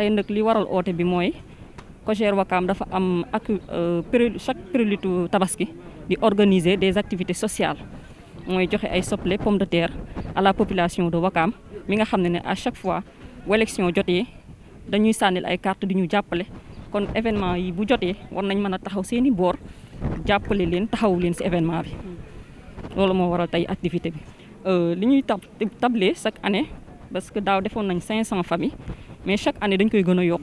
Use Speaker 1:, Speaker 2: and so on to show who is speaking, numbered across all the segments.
Speaker 1: tey nag li waral oote bi moy cocher wakam dafa am ak euh, chaque prélude tabaski di organiser des activités sociales moy joxe ay soplé pomme de terre à la population de wakam mi nga xamné ne à chaque fois w élection jotee dañuy sànnil ay carte di ñu jàppale kon événement yi bu jotee war nañ mëna taxaw seen bor jappalé jàppale leen taxaw leen si événement bi loolu mo waral tay activité bi euh, li ñuy tab tablé chaque année parce que daw defoon nañ 500 familles mais chaque année dañ koy a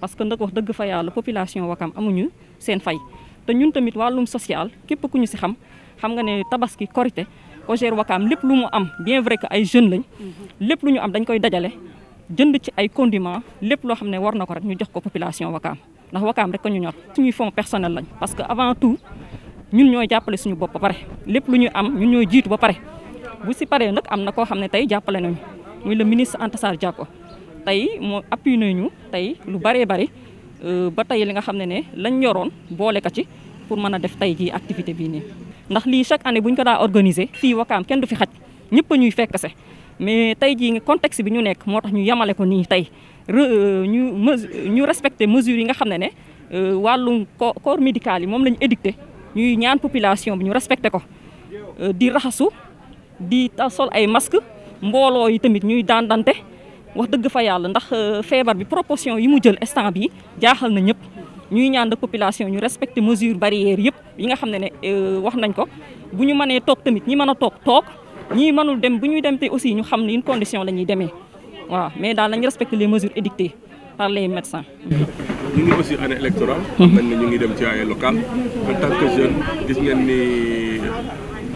Speaker 1: parce que nag wax dëgg fa yàlla population Wakam amuñu seen fay te ñun tamit wàllum social képp ku si xam xam nga tabaski korite Wakam lépp lu mu am bien vrai que ay jeunes lañ lépp lu ñu am dañ koy jënd ci ay condiments war na rek ñu population Wakam ndax Wakam rek ko ñu personnel parce qu'avant tout ñun ñooy jàppale suñu bopp ba pare lu am ñun ba si le ministre tey moo appui ñu tey lu bari bëri euh, ba tey li nga xam ne ne lañ yoroon boole ko ci pour mën a def tey jii activité bii nii. ndax lii chaque année bu ñu ko daa organiser fii Wakaam kenn du fi xaj ñëpp ñuy fekk se mais tey jii contexte bi ñu nekk moo tax ñu yemale ko nii tey euh, ñu ñu respecté mesures yi nga xam ne ne euh, wàllum corps médical yi moom la ñu édicté ñuy ñaan population bi ñu respecté ko di raxasu di sol ay masque mbooloo yi tamit ñuy dandante wax dëgg fa yàlla ndax euh, feebar bi proportion yi mu jël instant bi jaaxal na ñëpp ñuy ñaan de population ñu respecté mesure barrière yëpp yi nga xam ne ne euh, wax nañ ko bu ñu mënee toog tamit ñi mën a toog toog ñi mënul dem bu ñuy dem te aussi ñu xam ne une condition la ñuy demee waaw mais daal lañu respecté les mesures édictées par les médecins.
Speaker 2: ñu ngi aussi année électorale. xam nañ ne dem ci ay local gis ngeen ni.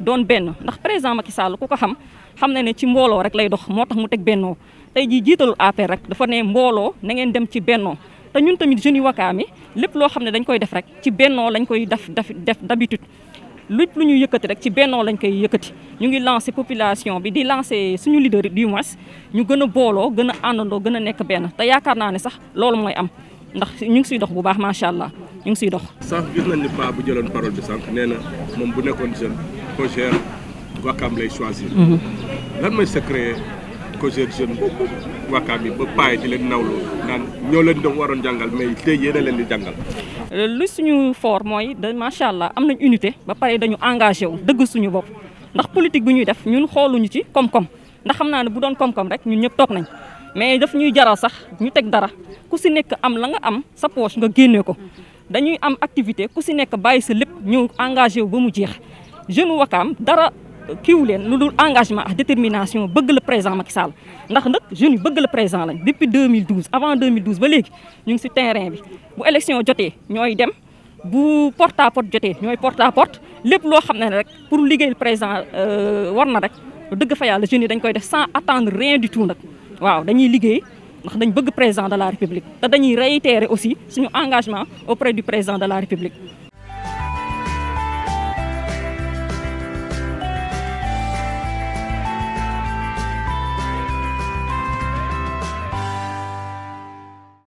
Speaker 1: doon benn ndax président Macky Sall ku ko xam xam na ne ci mbooloo rek lay dox moo tax mu teg bennoo tey jii jiitalul APR rek dafa ne mbooloo nangeen ngeen dem ci bennoo te ñun tamit jeunes yu Wakaam yi lépp loo xam ne dañ koy def rek ci bennoo lañ koy def def def d'habitude lépp lu ñuy yëkkati rek ci bennoo lañ koy yëkkati ñu ngi lancé population bi di lancé suñu leader du moins ñu gën a booloo gën a àndandoo gën a nekk benn te yaakaar naa ne sax loolu mooy am ndax ñu ngi siy dox bu baax macha allah ñu ngi siy dox.
Speaker 2: sax gis COJER Wakaam lay choisir. Mhm. lan mooy secret COJER jeune Wakaam yi ba paay di le nawloo Nan, ñoo leen waron waroon mais tey yéen a leen di jàngal.
Speaker 1: lu suñu fort mooy da macha allah am nañ unité ba pare dañu engagé wu dëgg suñu bopp ndax politique bu ñuy def ñun xooluñu ci koom-koom ndax xam naa ne bu doon koom-koom rek ñun ñëpp toog nañ. mais daf ñuy jaral sax ñu tek dara ku si nekk am la nga am sa poche nga génnee ko dañuy am activité ku si nekk bàyyi sa lépp ñu engagé wu ba mu jeex jeune Wakaam dara kiiw leen lu engagement ak détermination bëgg le président Macky Sall ndax nak jeune yi bëgg le président lañ depuis 2012 avant 2012 ba légui ñu ngi si terrain bi bu élection joté ñoy dem bu porte à porte joté ñoy porte à porte lepp lo xamné rek pour le président euh warna rek deug fa yalla jeunes yi dañ koy def sans attendre rien du tout nak waaw dañuy liggéey ndax dañ bëgg président de la république te dañuy réitérer aussi suñu engagement auprès du président de la république